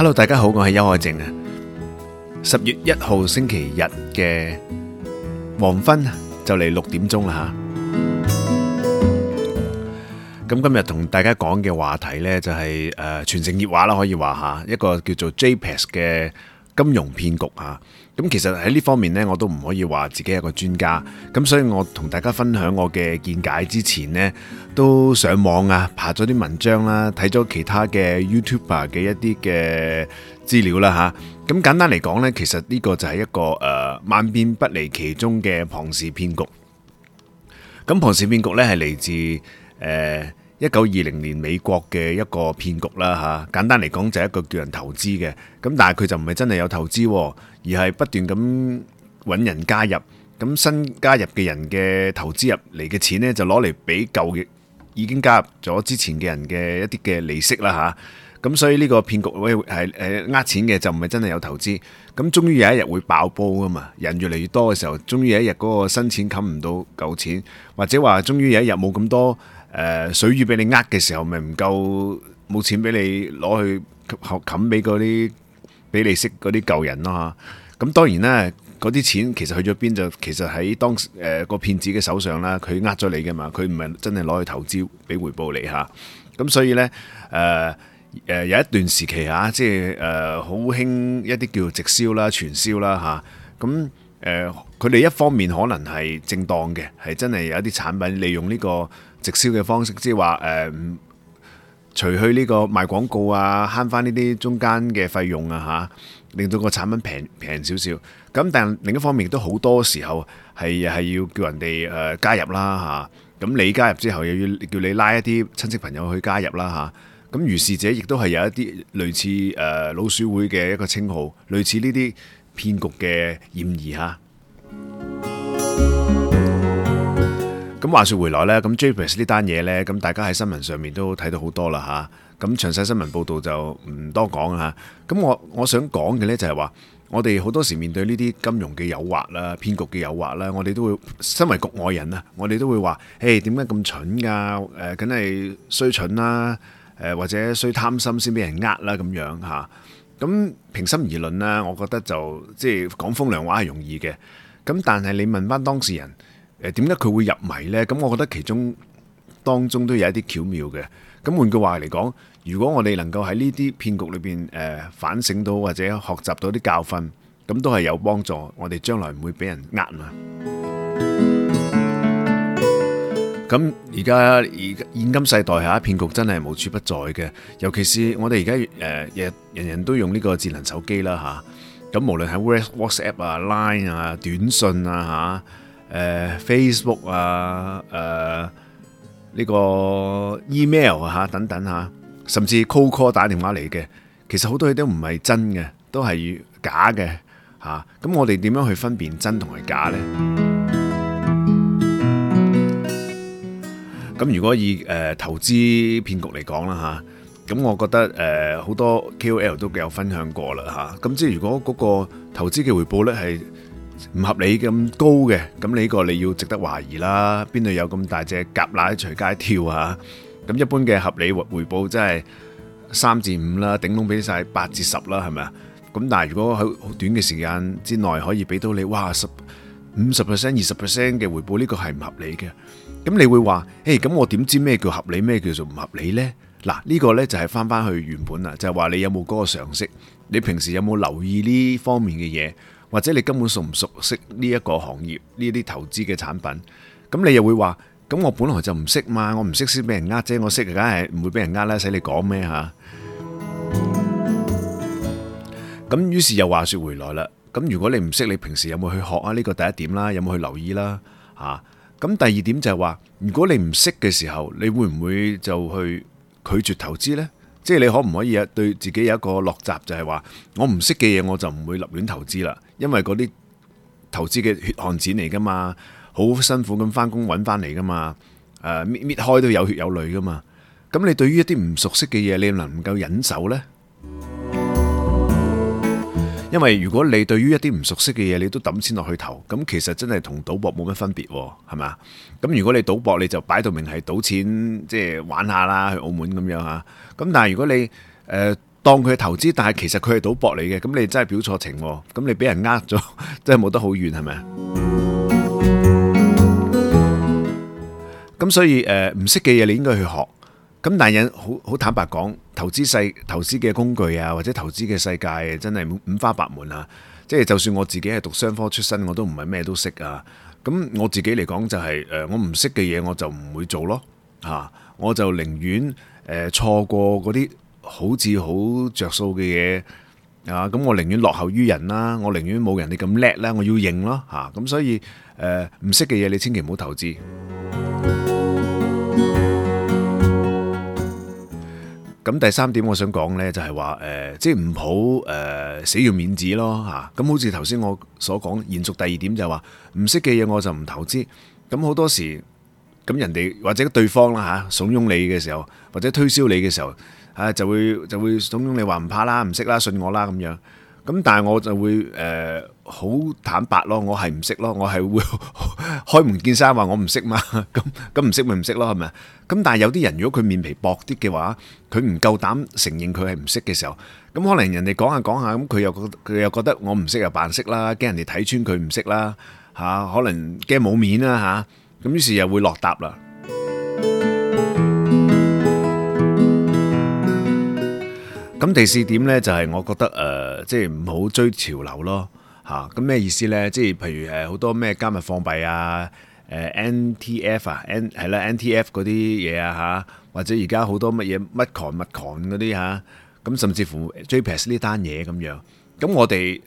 Hello，大家好，我係邱海靖啊。十月一號星期日嘅黃昏就嚟六點鐘啦吓。咁今日同大家講嘅話題呢、就是，就係誒全城熱話啦，可以話下一個叫做 JPEX 嘅。金融騙局啊！咁其實喺呢方面呢，我都唔可以話自己係個專家，咁所以我同大家分享我嘅見解之前呢，都上網啊，爬咗啲文章啦，睇咗其他嘅 YouTuber 嘅一啲嘅資料啦吓，咁簡單嚟講呢，其實呢個就係一個、呃、萬變不離其宗嘅龐氏騙局。咁龐氏騙局呢係嚟自、呃一九二零年美國嘅一個騙局啦嚇，簡單嚟講就係一個叫人投資嘅，咁但係佢就唔係真係有投資，而係不斷咁揾人加入，咁新加入嘅人嘅投資入嚟嘅錢呢，就攞嚟俾舊嘅已經加入咗之前嘅人嘅一啲嘅利息啦嚇，咁所以呢個騙局係呃錢嘅，就唔係真係有投資，咁終於有一日會爆煲啊嘛，人越嚟越多嘅時候，終於有一日嗰個新錢冚唔到舊錢，或者話終於有一日冇咁多。誒水魚俾你呃嘅時候，咪唔夠冇錢俾你攞去學冚俾嗰啲俾你識嗰啲舊人咯。咁當然啦，嗰啲錢其實去咗邊就其實喺當誒、呃嗰個騙子嘅手上啦。佢呃咗你嘅嘛，佢唔係真係攞去投資俾回報你嚇。咁所以呢，誒、呃、誒有一段時期嚇、啊，即係誒好興一啲叫直銷啦、傳銷啦嚇。咁、啊誒、呃，佢哋一方面可能係正當嘅，係真係有啲產品利用呢個直銷嘅方式，即係話誒，除去呢個賣廣告啊，慳翻呢啲中間嘅費用啊吓，令到個產品平平少少。咁但另一方面都好多時候係又係要叫人哋誒、呃、加入啦吓。咁、啊、你加入之後又要叫你拉一啲親戚朋友去加入啦吓。咁、啊、如是者亦都係有一啲類似誒、呃、老鼠會嘅一個稱號，類似呢啲。騙局嘅嫌疑哈。咁話說回來呢，咁 JPEX 呢單嘢呢，咁大家喺新聞上面都睇到好多啦吓。咁詳細新聞報道就唔多講吓。咁我我想講嘅呢就係話，我哋好多時面對呢啲金融嘅誘惑啦、騙局嘅誘惑啦，我哋都會身為局外人啊，我哋都會話：誒，點解咁蠢噶？誒，梗係衰蠢啦。誒，或者衰貪心先俾人呃啦咁樣吓。咁平心而論啦，我覺得就即係講風涼話係容易嘅。咁但係你問翻當事人，誒、點解佢會入迷呢？咁我覺得其中當中都有一啲巧妙嘅。咁換句話嚟講，如果我哋能夠喺呢啲騙局裏邊誒、反省到或者學習到啲教訓，咁都係有幫助。我哋將來唔會俾人呃嘛。咁而家而現今世代嚇騙局真係無處不在嘅，尤其是我哋而家誒，人、呃、人人都用呢個智能手機啦吓，咁、啊、無論喺 WhatsApp Line, 啊、Line、呃、啊、短信啊嚇、誒 Facebook 啊、誒、呃、呢、呢個 email 嚇、啊、等等嚇、啊，甚至 call call 打電話嚟嘅，其實好多嘢都唔係真嘅，都係假嘅吓，咁、啊、我哋點樣去分辨真同埋假呢？咁如果以誒投資騙局嚟講啦吓，咁我覺得誒好多 KOL 都幾有分享過啦吓，咁即係如果嗰個投資嘅回報率係唔合理咁高嘅，咁呢個你要值得懷疑啦。邊度有咁大隻蛤乸隨街跳啊？咁一般嘅合理回回報即係三至五啦，頂籠俾晒八至十啦，係咪啊？咁但係如果喺好短嘅時間之內可以俾到你，哇，十五十 percent、二十 percent 嘅回報呢個係唔合理嘅。咁你會話，誒咁我點知咩叫合理，咩叫做唔合理呢？嗱，呢個呢就係翻翻去原本啦，就係話你有冇嗰個常識，你平時有冇留意呢方面嘅嘢，或者你根本熟唔熟悉呢一個行業呢啲投資嘅產品？咁你又會話，咁我本來就唔識嘛，我唔識先俾人呃啫，我識梗係唔會俾人呃啦，使你講咩嚇？咁於是又話說回來啦，咁如果你唔識，你平時有冇去學啊？呢個第一點啦，有冇去留意啦？嚇？咁第二點就係話，如果你唔識嘅時候，你會唔會就去拒絕投資呢？即係你可唔可以啊，對自己有一個落閘，就係話我唔識嘅嘢我就唔會立亂投資啦，因為嗰啲投資嘅血汗錢嚟㗎嘛，好辛苦咁翻工揾翻嚟㗎嘛，誒搣搣開都有血有淚㗎嘛。咁你對於一啲唔熟悉嘅嘢，你能唔夠忍受呢？因為如果你對於一啲唔熟悉嘅嘢，你都抌錢落去投，咁其實真係同賭博冇乜分別，係咪？咁如果你賭博，你就擺到明係賭錢，即係玩下啦，去澳門咁樣吓。咁但係如果你誒、呃、當佢係投資，但係其實佢係賭博嚟嘅，咁你真係表錯情，咁你俾人呃咗，真係冇得好遠，係咪啊？咁所以誒、呃、唔識嘅嘢，你應該去學。咁但人好好坦白講，投資世投資嘅工具啊，或者投資嘅世界真係五花八門啊！即係就算我自己係讀商科出身，我都唔係咩都識啊！咁我自己嚟講就係、是、誒，我唔識嘅嘢我就唔會做咯，吓！我就寧願誒錯過嗰啲好似好着數嘅嘢啊！咁我寧願落後於人啦，我寧願冇人哋咁叻啦，我要認咯，吓！咁所以誒唔識嘅嘢你千祈唔好投資。咁第三點我想講呢，就係話誒，即係唔好誒死要面子咯，嚇。咁好似頭先我所講，延續第二點就係話唔識嘅嘢我就唔投資。咁好多時咁人哋或者對方啦嚇，慫恿你嘅時候，或者推銷你嘅時候，啊就會就會慫恿你話唔怕啦，唔識啦，信我啦咁樣。咁但係我就會誒好、呃、坦白咯，我係唔識咯，我係會 開門見山話我唔識嘛。咁咁唔識咪唔識咯，係咪？咁但係有啲人如果佢面皮薄啲嘅話，佢唔夠膽承認佢係唔識嘅時候，咁可能人哋講下講下，咁佢又覺，佢又覺得我唔識又扮識啦，驚人哋睇穿佢唔識啦嚇，可能驚冇面啦嚇，咁、啊、於是又會落答啦。咁第四點呢，就係、是、我覺得誒，即係唔好追潮流咯嚇。咁、啊、咩意思呢？即、就、係、是、譬如誒好多咩加密貨幣啊，誒、呃啊、N T F 啊，N 係啦 N T F 嗰啲嘢啊嚇，或者而家好多乜嘢乜狂乜狂嗰啲嚇。咁、啊啊、甚至乎 JPEX 呢單嘢咁樣。咁、啊、我哋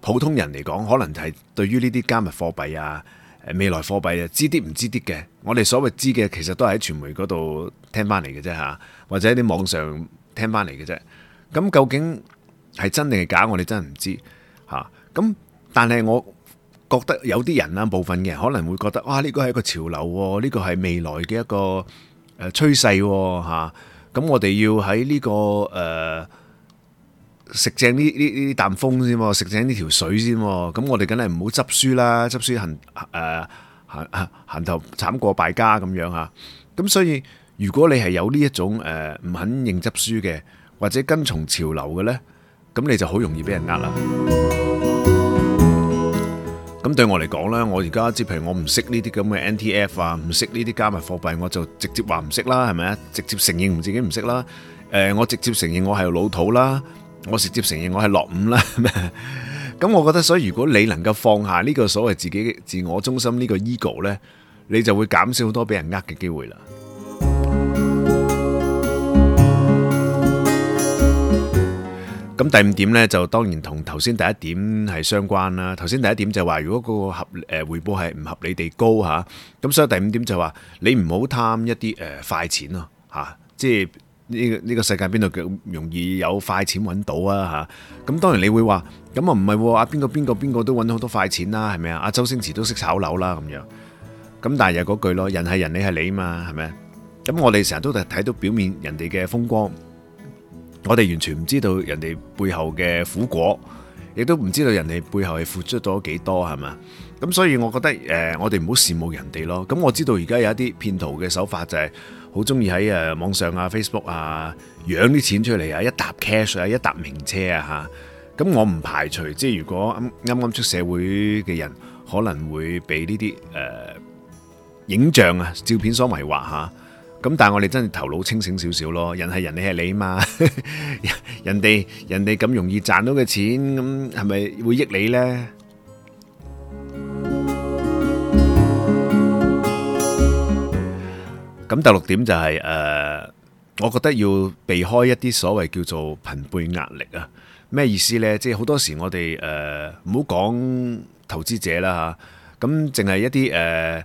普通人嚟講，可能係對於呢啲加密貨幣啊、誒、啊、未來貨幣啊，知啲唔知啲嘅。我哋所謂知嘅，其實都係喺傳媒嗰度聽翻嚟嘅啫嚇，或者啲網上，聽翻嚟嘅啫，咁究竟係真定係假？我哋真係唔知吓。咁、啊、但係我覺得有啲人啦，部分嘅人可能會覺得，哇！呢個係一個潮流、啊，呢個係未來嘅一個誒趨勢吓。咁、呃啊啊、我哋要喺呢、這個誒食、呃、正呢呢呢啖風先、啊，食正呢條水先、啊。咁、啊、我哋梗係唔好執輸啦，執輸行誒、呃、行行頭慘過敗家咁樣吓。咁、啊、所以。如果你係有呢一種誒唔肯認執輸嘅，或者跟從潮流嘅咧，咁你就好容易俾人呃啦。咁對我嚟講咧，我而家即係譬如我唔識呢啲咁嘅 NTF 啊，唔識呢啲加密貨幣，我就直接話唔識啦，係咪啊？直接承認唔自己唔識啦。誒，我直接承認我係老土啦，我直接承認我係落伍啦，係咪？咁我覺得，所以如果你能夠放下呢個所謂自己自我中心呢個 ego 咧，你就會減少好多俾人呃嘅機會啦。咁第五點呢，就當然同頭先第一點係相關啦。頭先第一點就係話，如果嗰個合誒回報係唔合理地高嚇，咁、啊、所以第五點就話你唔好貪一啲誒、呃、快錢咯、啊、嚇、啊，即係呢、呢個呢、呢個世界邊度容易有快錢揾到啊嚇？咁、啊、當然你會話，咁啊唔係喎，阿邊個邊個邊個都揾好多快錢啦，係咪啊？阿、啊、周星馳都識炒樓啦、啊、咁樣。咁但係又嗰句咯，人係人，你係你嘛，係咪啊？咁我哋成日都睇到表面人哋嘅風光。我哋完全唔知道人哋背後嘅苦果，亦都唔知道人哋背後係付出咗幾多，係嘛？咁所以我覺得誒、呃，我哋唔好羨慕人哋咯。咁我知道而家有一啲騙徒嘅手法就係好中意喺誒網上啊、Facebook 啊，養啲錢出嚟啊，一沓 cash 啊，一沓名車啊嚇。咁我唔排除，即係如果啱啱出社會嘅人，可能會俾呢啲誒影像啊、照片所迷惑嚇。啊。咁但係我哋真係頭腦清醒少少咯，人係人，你係你嘛，人哋人哋咁容易賺到嘅錢，咁係咪會益你呢？咁、嗯、第六點就係、是、誒、呃，我覺得要避開一啲所謂叫做朋輩壓力啊。咩意思呢？即係好多時我哋誒，唔好講投資者啦吓，咁淨係一啲誒。呃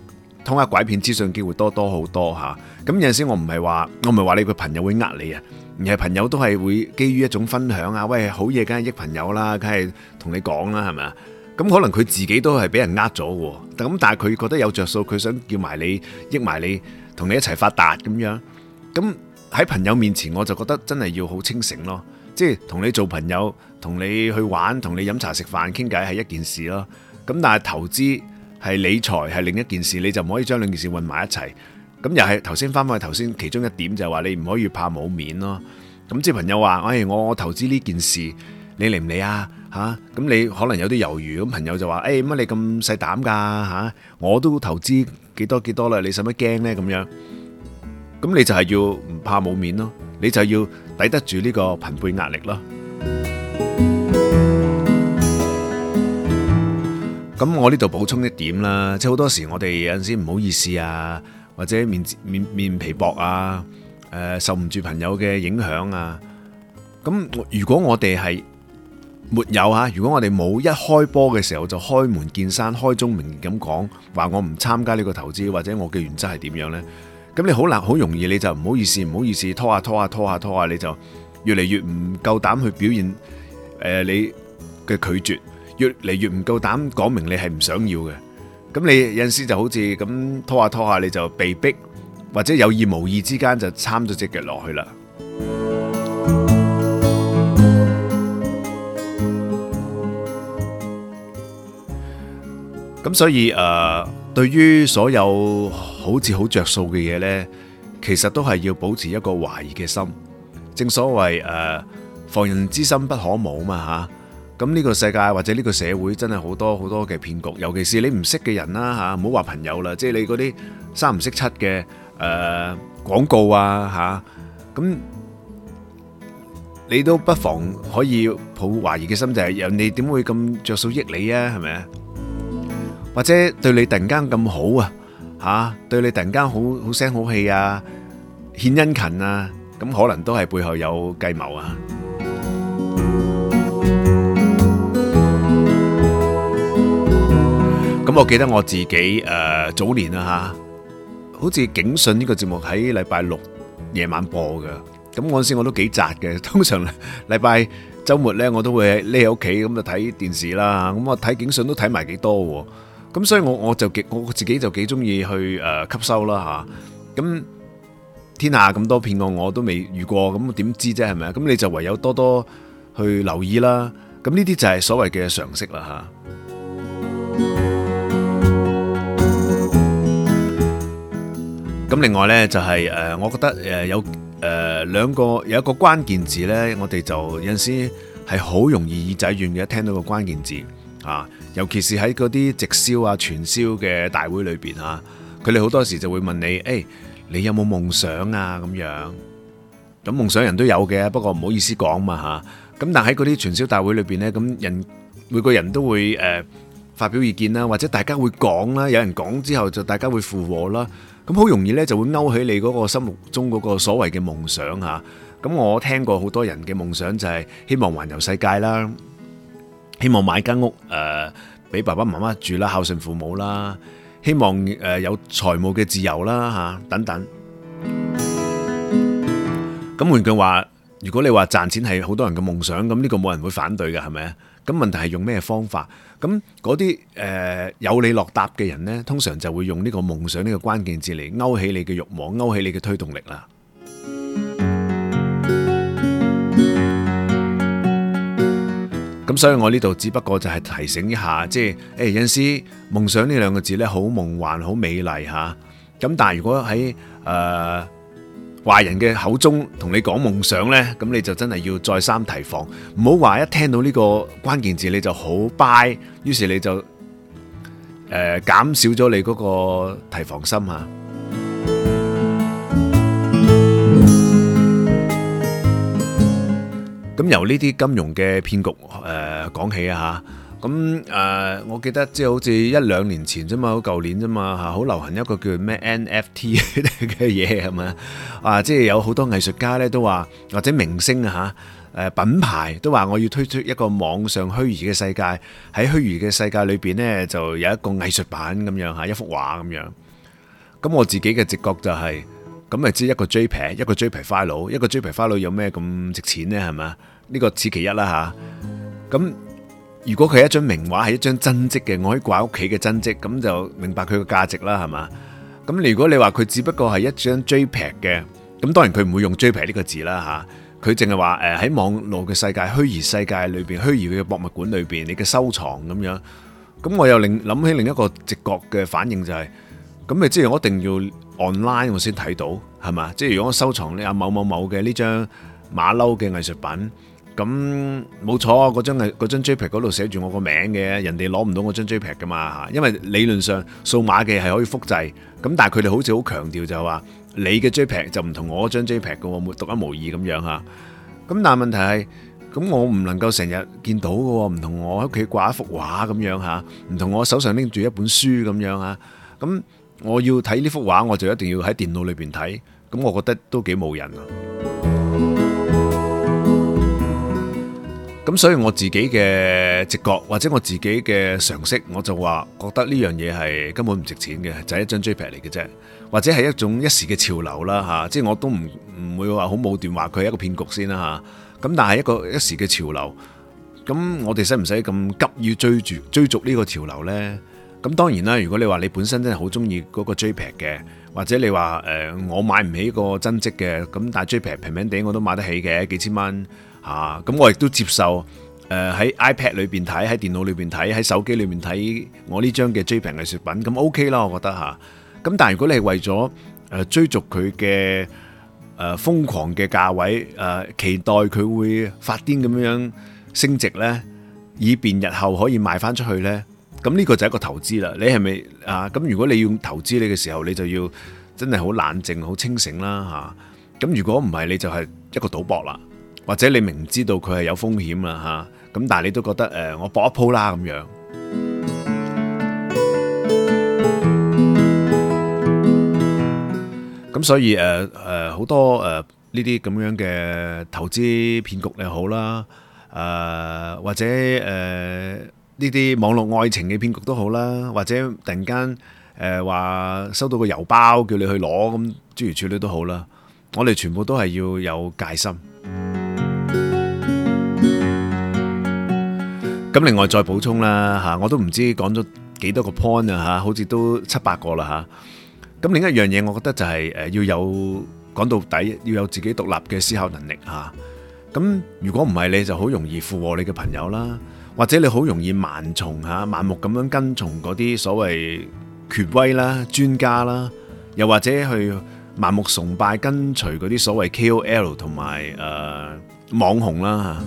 通下拐騙資訊，機會多多好多嚇，咁有陣時我唔係話我唔係話你個朋友會呃你啊，而係朋友都係會基於一種分享啊，喂，好嘢梗係益朋友啦，梗係同你講啦，係咪啊？咁可能佢自己都係俾人呃咗喎，咁但係佢覺得有着數，佢想叫埋你益埋你，同你一齊發達咁樣，咁喺朋友面前我就覺得真係要好清醒咯，即係同你做朋友、同你去玩、同你飲茶食飯傾偈係一件事咯，咁但係投資。係理財係另一件事，你就唔可以將兩件事混埋一齊。咁又係頭先返返去頭先其中一點，就係話你唔可以怕冇面咯。咁即係朋友話：哎，我我投資呢件事，你嚟唔嚟啊？嚇，咁你可能有啲猶豫。咁朋友就話：哎，乜你咁細膽噶？嚇，我都投資幾多幾多啦，你使乜驚呢？咁樣，咁你就係要唔怕冇面咯，你就要抵得住呢個朋輩壓力咯。咁我呢度補充一點啦，即係好多時我哋有陣時唔好意思啊，或者面面面皮薄啊，誒受唔住朋友嘅影響啊。咁如果我哋係沒有吓，如果我哋冇一開波嘅時候就開門見山、開宗明義咁講，話我唔參加呢個投資，或者我嘅原則係點樣呢？咁你好難好容易你就唔好意思、唔好意思拖下、啊、拖下、啊、拖下、啊、拖下、啊，你就越嚟越唔夠膽去表現誒、呃、你嘅拒絕。越嚟越唔夠膽講明你係唔想要嘅，咁你有陣時就好似咁拖下拖下，你就被逼或者有意無意之間就摻咗隻腳落去啦。咁所以誒，對於所有好似好着數嘅嘢呢，其實都係要保持一個懷疑嘅心。正所謂誒，防人之心不可無嘛吓。咁呢個世界或者呢個社會真係好多好多嘅騙局，尤其是你唔識嘅人啦吓，唔好話朋友啦，即係你嗰啲三唔識七嘅誒廣告啊吓，咁你都不妨可以抱懷疑嘅心，就係人哋你點會咁着數益你啊？係咪啊？或者對你突然間咁好啊吓，對你突然間好好聲好氣啊，獻殷勤啊，咁可能都係背後有計謀啊。咁我記得我自己誒，早年啦吓，好似警訊呢個節目喺禮拜六夜晚播噶。咁嗰陣時我都幾宅嘅，通常禮拜周末咧，我都會喺匿喺屋企咁就睇電視啦。咁我睇警訊都睇埋幾多，咁所以我我就我自己就幾中意去誒吸收啦吓。咁天下咁多騙案我都未遇過，咁我點知啫係咪？咁你就唯有多多去留意啦。咁呢啲就係所謂嘅常識啦吓。咁另外呢就係誒，我覺得誒有誒兩個有一個關鍵字呢，我哋就有陣時係好容易耳仔軟嘅，聽到個關鍵字啊，尤其是喺嗰啲直銷啊、傳銷嘅大會裏邊啊，佢哋好多時就會問你，誒你有冇夢想啊咁樣？咁夢想人都有嘅，不過唔好意思講嘛嚇。咁但喺嗰啲傳銷大會裏邊呢，咁人每個人都會誒發表意見啦，或者大家會講啦，有人講之後就大家會附和啦。咁好容易呢，就會勾起你嗰個心目中嗰個所謂嘅夢想嚇。咁我聽過好多人嘅夢想就係希望環遊世界啦，希望買間屋誒俾爸爸媽媽住啦，孝順父母啦，希望誒有財務嘅自由啦嚇等等。咁換句話，如果你話賺錢係好多人嘅夢想，咁呢個冇人會反對嘅係咪？咁問題係用咩方法？咁嗰啲誒有你落搭嘅人呢，通常就會用呢個夢想呢個關鍵字嚟勾起你嘅慾望，勾起你嘅推動力啦。咁所以我呢度只不過就係提醒一下，即係誒，有陣時夢想呢兩個字呢，好夢幻、好美麗嚇。咁但係如果喺誒。壞人嘅口中同你講夢想呢，咁你就真係要再三提防，唔好話一聽到呢個關鍵字你就好 buy，於是你就誒減少咗你嗰個提防心吓。咁由呢啲金融嘅騙局誒講起啊吓。咁誒、呃，我記得即係好似一兩年前啫嘛，好舊年啫嘛嚇，好流行一個叫咩 NFT 嘅嘢係咪啊？即係有好多藝術家咧都話，或者明星啊嚇，誒品牌都話我要推出一個網上虛擬嘅世界，喺虛擬嘅世界裏邊呢，就有一個藝術版咁樣嚇，一幅畫咁樣。咁我自己嘅直覺就係、是，咁咪知一個 JPEG 一個 JPEG file，一個 JPEG file 有咩咁值錢呢？係嘛？呢、這個此其一啦嚇。咁、啊如果佢係一張名畫，係一張真跡嘅，我可以掛喺屋企嘅真跡，咁就明白佢嘅價值啦，係嘛？咁如果你話佢只不過係一張 JPEG 嘅，咁當然佢唔會用 JPEG 呢個字啦，嚇，佢淨係話誒喺網絡嘅世界、虛擬世界裏邊、虛擬嘅博物館裏邊，你嘅收藏咁樣。咁我又另諗起另一個直覺嘅反應就係、是，咁咪即係我一定要 online 我先睇到，係嘛？即、就、係、是、如果我收藏你阿某某某嘅呢張馬騮嘅藝術品。咁冇錯，嗰張係嗰張 JPEG 嗰度寫住我個名嘅，人哋攞唔到我張 JPEG 噶嘛嚇，因為理論上數碼嘅係可以複製，咁但係佢哋好似好強調就係話你嘅 JPEG 就唔同我張 JPEG 嘅喎，獨一無二咁樣嚇。咁但係問題係，咁我唔能夠成日見到嘅喎，唔同我喺屋企掛一幅畫咁樣嚇，唔同我手上拎住一本書咁樣啊。咁我要睇呢幅畫，我就一定要喺電腦裏邊睇，咁我覺得都幾冇癮啊。咁所以我自己嘅直覺或者我自己嘅常識，我就話覺得呢樣嘢係根本唔值錢嘅，就係、是、一張 J 牌嚟嘅啫，或者係一種一時嘅潮流啦吓、啊，即係我都唔唔會話好武斷話佢係一個騙局先啦吓。咁、啊、但係一個一時嘅潮流，咁我哋使唔使咁急要追逐追逐呢個潮流呢？咁當然啦，如果你話你本身真係好中意嗰個 J 牌嘅，或者你話誒、呃、我買唔起個增值嘅，咁但係 J 牌平平地我都買得起嘅，幾千蚊。吓，咁我亦都接受，誒喺 iPad 裏邊睇，喺電腦裏邊睇，喺手機裏邊睇我呢張嘅 JPEG 藝術品，咁 OK 啦，我覺得吓。咁但係如果你係為咗誒追逐佢嘅誒瘋狂嘅價位，誒期待佢會發癲咁樣樣升值咧，以便日後可以賣翻出去咧，咁呢個就係一個投資啦。你係咪啊？咁如果你要投資你嘅時候，你就要真係好冷靜、好清醒啦吓。咁如果唔係，你就係一個賭博啦。或者你明知道佢係有風險啊嚇，咁但係你都覺得誒、呃，我搏一鋪啦咁樣。咁、嗯、所以誒誒、呃呃、好多誒呢啲咁樣嘅投資騙局你好啦，誒、呃、或者誒呢啲網絡愛情嘅騙局都好啦，或者突然間誒話收到個郵包叫你去攞，咁諸如此類都好啦，我哋全部都係要有戒心。咁另外再補充啦吓，我都唔知講咗幾多個 point 啊吓，好似都七八個啦吓。咁另一樣嘢，我覺得就係誒要有講到底，要有自己獨立嘅思考能力吓。咁如果唔係你就好容易附和你嘅朋友啦，或者你好容易盲從吓、盲目咁樣跟從嗰啲所謂權威啦、專家啦，又或者去盲目崇拜跟隨嗰啲所謂 KOL 同埋誒網紅啦。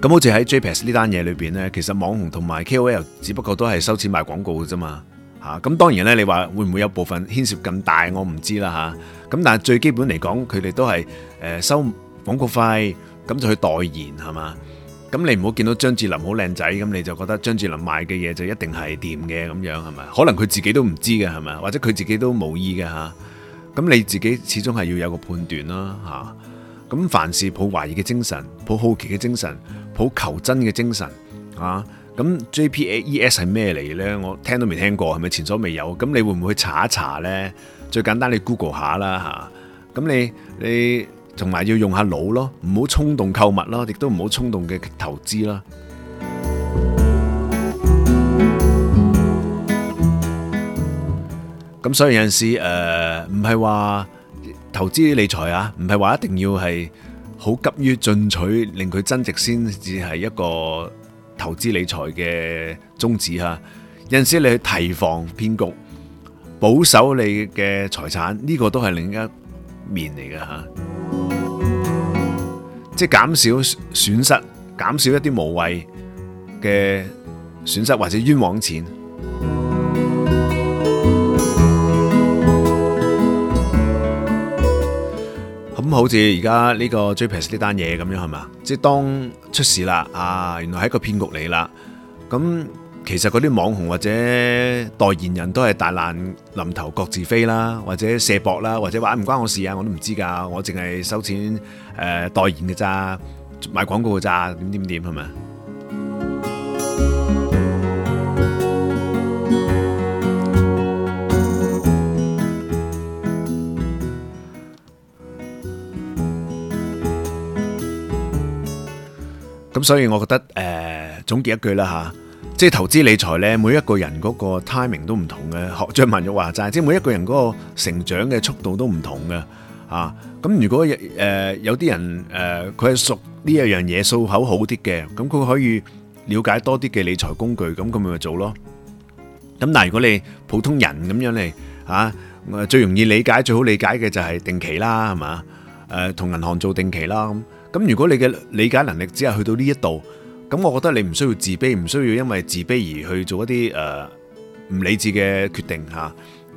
咁好似喺 JPEX 呢單嘢裏邊呢，其實網紅同埋 KOL 只不過都係收錢賣廣告嘅啫嘛嚇。咁、啊、當然咧，你話會唔會有部分牽涉咁大，我唔知啦嚇。咁、啊、但係最基本嚟講，佢哋都係誒、呃、收廣告費，咁就去代言係嘛。咁你唔好見到張智霖好靚仔，咁你就覺得張智霖賣嘅嘢就一定係掂嘅咁樣係咪？可能佢自己都唔知嘅係咪？或者佢自己都冇意嘅吓。咁、啊、你自己始終係要有個判斷啦嚇。咁、啊、凡事抱懷疑嘅精神，抱好奇嘅精神。好求真嘅精神啊！咁 JPEX 係咩嚟呢？我聽都未聽過，係咪前所未有？咁你會唔會去查一查呢？最簡單你 Google 下啦吓。咁你你同埋要用下腦咯，唔好衝動購物咯，亦都唔好衝動嘅投資咯。咁所以有陣時誒，唔係話投資理財啊，唔係話一定要係。好急於進取，令佢增值先至係一個投資理財嘅宗旨嚇。有陣時你去提防騙局，保守你嘅財產，呢個都係另一面嚟嘅嚇，即係減少損失，減少一啲無謂嘅損失或者冤枉錢。咁好似而家呢個 JPEX 呢單嘢咁樣係嘛，即係當出事啦，啊，原來係一個騙局嚟啦。咁其實嗰啲網紅或者代言人，都係大難臨頭各自飛啦，或者卸膊啦，或者話唔關我事啊，我都唔知噶，我淨係收錢誒代言嘅咋，賣廣告嘅咋，點點點係咪？咁所以我覺得誒，總結一句啦吓，即係投資理財咧，每一個人嗰個 timing 都唔同嘅。學張文玉話齋，即係每一個人嗰個成長嘅速度都唔同嘅。啊，咁如果誒有啲人誒，佢係熟呢一樣嘢，數口好啲嘅，咁佢可以了解多啲嘅理財工具，咁佢咪做咯。咁但係如果你普通人咁樣嚟，啊，最容易理解、最好理解嘅就係定期啦，係嘛？誒，同銀行做定期啦咁。咁如果你嘅理解能力只係去到呢一度，咁我覺得你唔需要自卑，唔需要因為自卑而去做一啲誒唔理智嘅決定吓。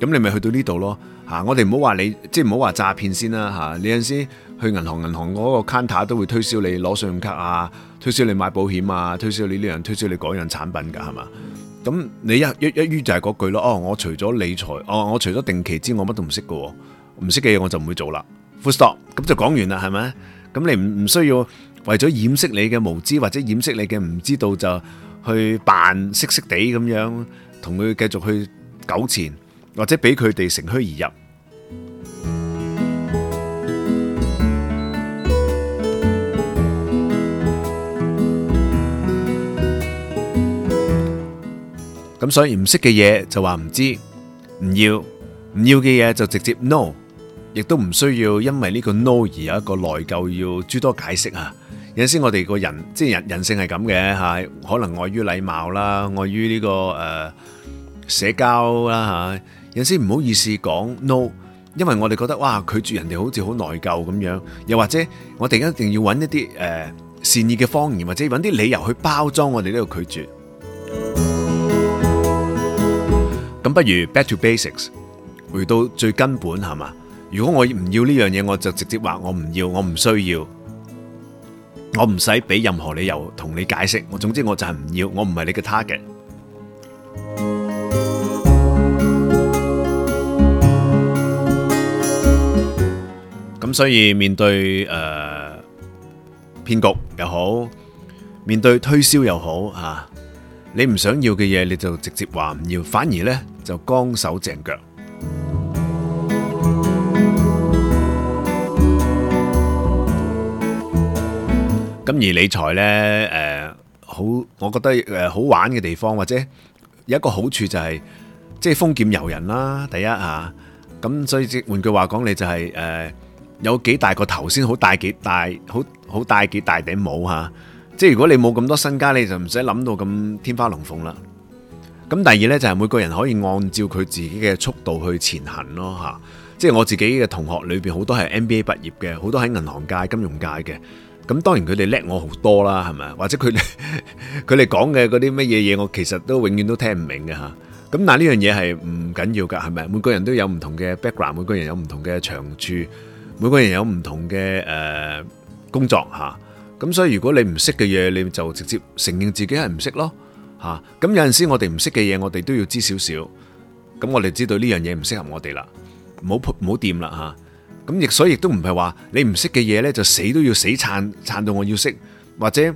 咁、啊、你咪去到呢度咯吓、啊。我哋唔好話你，即係唔好話詐騙先啦、啊、吓、啊。你有陣時去銀行銀行嗰個 counter 都會推銷你攞信用卡啊，推銷你買保險啊，推銷你呢樣，推銷你嗰樣產品㗎係嘛？咁你一一於就係嗰句咯。哦，我除咗理財，哦我除咗定期之外，我乜都唔識嘅喎，唔識嘅嘢我就唔會做啦。Full stop。咁就講完啦，係咪？咁你唔唔需要為咗掩飾你嘅無知或者掩飾你嘅唔知道，就去扮識識地咁樣同佢繼續去糾纏，或者俾佢哋乘虛而入。咁所以唔識嘅嘢，就話唔知，唔要唔要嘅嘢，就直接 no。亦都唔需要，因為呢個 no 而有一個內疚，要諸多解釋啊。有陣時我哋個人即係人人性係咁嘅吓，可能礙於禮貌啦，礙於呢、這個誒、呃、社交啦吓。有陣時唔好意思講 no，因為我哋覺得哇，拒絕人哋好似好內疚咁樣，又或者我哋一定要揾一啲誒、呃、善意嘅謊言，或者揾啲理由去包裝我哋呢個拒絕。咁不如 back to basics，回到最根本係嘛？是吧如果我唔要呢樣嘢，我就直接話我唔要，我唔需要，我唔使俾任何理由同你解釋。我總之我就係唔要，我唔係你嘅 target。咁所以面對誒騙局又好，面對推銷又好吓，你唔想要嘅嘢你就直接話唔要，反而呢就乾手淨腳。咁而理財呢，誒、呃，好，我覺得誒好玩嘅地方或者有一個好處就係、是，即係豐儉由人啦。第一吓，咁、啊、所以即換句話講，你就係、是、誒、呃，有幾大個頭先好戴幾大，好好戴幾大頂帽吓、啊。即係如果你冇咁多身家，你就唔使諗到咁天花龍鳳啦。咁第二呢，就係、是、每個人可以按照佢自己嘅速度去前行咯吓、啊。即係我自己嘅同學裏邊，好多係 MBA 畢業嘅，好多喺銀行界、金融界嘅。咁當然佢哋叻我好多啦，係咪啊？或者佢，佢哋講嘅嗰啲乜嘢嘢，我其實都永遠都聽唔明嘅嚇。咁但呢樣嘢係唔緊要㗎，係咪啊？每個人都有唔同嘅 background，每個人有唔同嘅長處，每個人有唔同嘅誒工作嚇。咁所以如果你唔識嘅嘢，你就直接承認自己係唔識咯嚇。咁有陣時我哋唔識嘅嘢，我哋都要知少少。咁我哋知道呢樣嘢唔適合我哋啦，唔好，唔好掂啦嚇。咁亦所以亦都唔係話你唔識嘅嘢呢，就死都要死撐撐到我要識，或者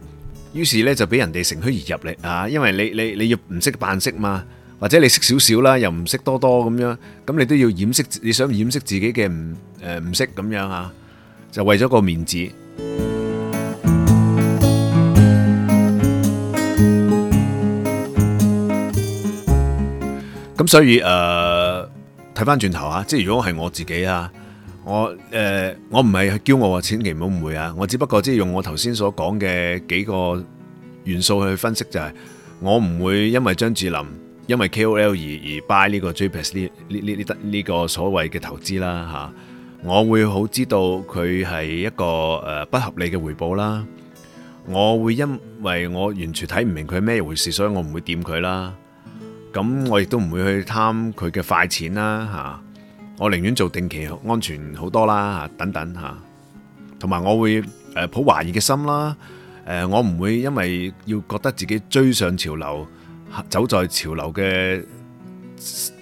於是呢，就俾人哋乘虛而入嚟啊！因為你你你要唔識扮識嘛，或者你識少少啦，又唔識多多咁樣，咁你都要掩飾你想掩飾自己嘅唔誒唔識咁樣啊，就為咗個面子。咁 所以誒，睇翻轉頭啊，即係如果係我自己啊。我誒、呃、我唔係驕傲喎，千祈唔好誤會啊！我只不過即係用我頭先所講嘅幾個元素去分析就係，我唔會因為張智霖，因為 KOL 而而 buy 呢個 JPEX 呢呢呢呢所謂嘅投資啦嚇、啊，我會好知道佢係一個誒、呃、不合理嘅回報啦，我會因為我完全睇唔明佢係咩回事，所以我唔會掂佢啦，咁我亦都唔會去貪佢嘅快錢啦嚇。啊我寧願做定期安全好多啦等等嚇，同埋我會誒抱懷疑嘅心啦，誒我唔會因為要覺得自己追上潮流，走在潮流嘅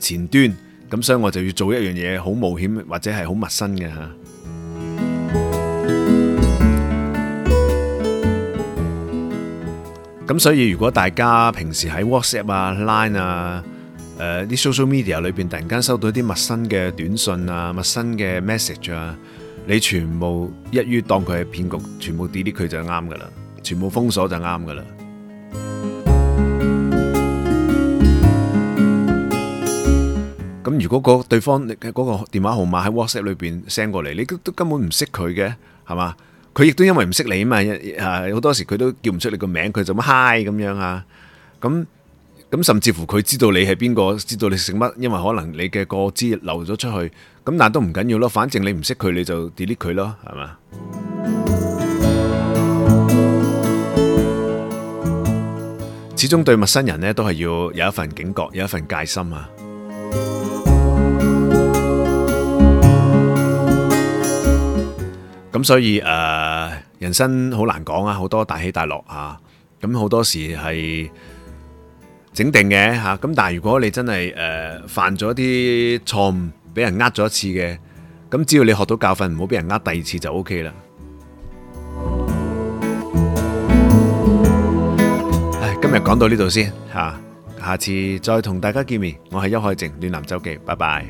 前端，咁所以我就要做一樣嘢好冒險或者係好陌生嘅嚇。咁所以如果大家平時喺 WhatsApp 啊、Line 啊，誒啲 social media 裏邊突然間收到啲陌生嘅短信啊，陌生嘅 message 啊，你全部一於當佢係騙局，全部 delete 佢就啱㗎喇，全部封鎖就啱㗎喇。咁如果個對方嗰個電話號碼喺 WhatsApp 裏邊 send 過嚟，你都都根本唔識佢嘅，係嘛？佢亦都因為唔識你啊嘛，啊好多時佢都叫唔出你個名，佢就 hi 咁樣啊？咁咁甚至乎佢知道你係邊個，知道你食乜，因為可能你嘅個資流咗出去，咁但都唔緊要咯，反正你唔識佢，你就 delete 佢咯，係嘛？始終對陌生人呢，都係要有一份警覺，有一份戒心啊！咁所以誒，人生好難講啊，好多大起大落啊，咁好多時係。整定嘅嚇，咁但係如果你真係誒、呃、犯咗啲錯誤，俾人呃咗一次嘅，咁只要你學到教訓，唔好俾人呃第二次就 OK 啦，嗯。今日講到呢度先嚇，下次再同大家見面。我係邱海靖，暖男周記，拜拜。